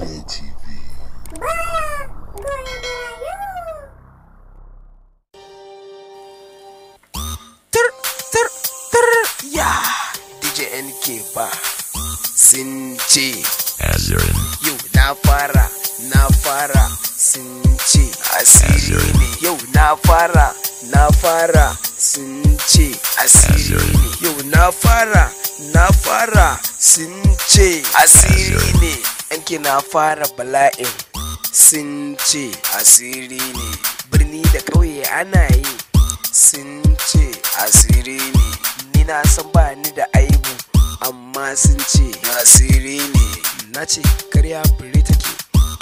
ETV. Yeah, DJ NK ba Sinci Azurin Yo na fara na fara Sinci Asiri Yo na fara na fara Sinci Asiri Yo na fara na fara Sinci Asiri Yanki na fara bala'in sun ce asiri ne birni da ƙauye ana yi sun ce asiri ne ni na san ba ni da aibu amma sun ce asiri ne na ce karya fure take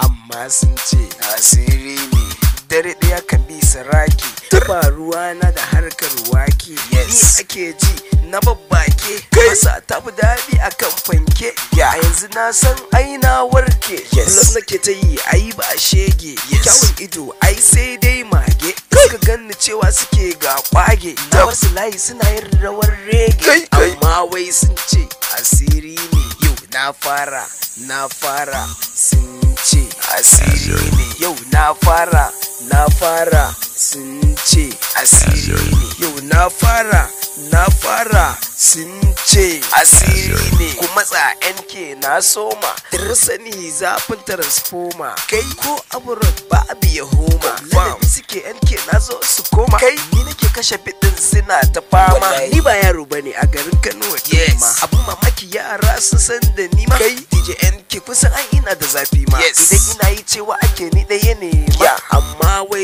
amma sun ce asiri ne dare ɗaya ka bi saraki taba ruwa na da harkar wake ni ake ji na babbake masa tafi daɗi a kan fanke a yanzu na san aina warke kullum nake ta yi ayi ba shege kyawun ido ai sai dai mage Kuka ganni cewa suke ga kwage na wasu layi suna yin rawar rege amma wai sun ce asiri ne yau na fara na fara sun ce asiri ne yau na fara na fara sun ce asiri ne yau na fara na fara sun ce asiri ne ku matsa nk na soma sani zafin transforma kai ko abu ba abu ya homa ladabi suke nk na zo su koma kai ni nake kashe fitin suna ta fama ni ba yaro ba ne a garin kano ma abun mamaki yara sun san da ni ma kai dj nk kusan an ina da zafi ma idan ina yi cewa ake ni ɗaya ne ma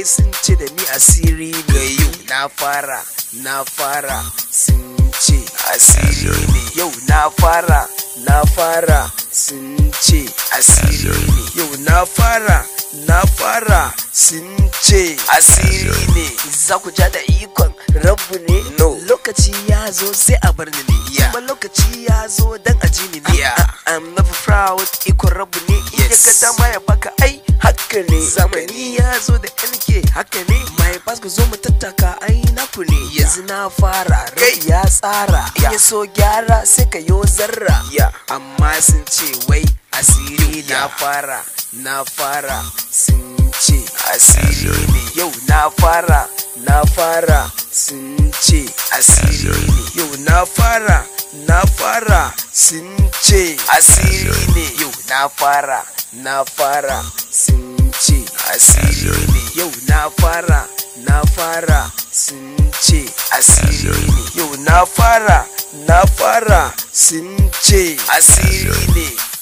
sun ce da ni asiri ga yau na fara na fara sun ce asiri ne yau na fara na fara sun ce asiri ne yau na fara na fara sun ce asiri ne za ku ja da ikon rabu ne no lokaci ya zo sai a bar ni ne kuma lokaci ya zo dan a ji ni ne i'm never proud ikon rabu ne in ya ga dama ya baka ai haka zamani ya zo da nk haka ne mai pass ku zo mu tattaka ai naku ne yanzu na fara rai ya tsara in ya so gyara sai ka yo zarra amma sun ce wai asiri na fara na fara sun ce asiri ne yau na fara na fara sun ce asiri ne yau na fara na fara sun ce asiri ne yau na fara na fara sun ce asiri ne yau na fara na fara sun ce asiri ne yau na fara na fara sun ce asiri ne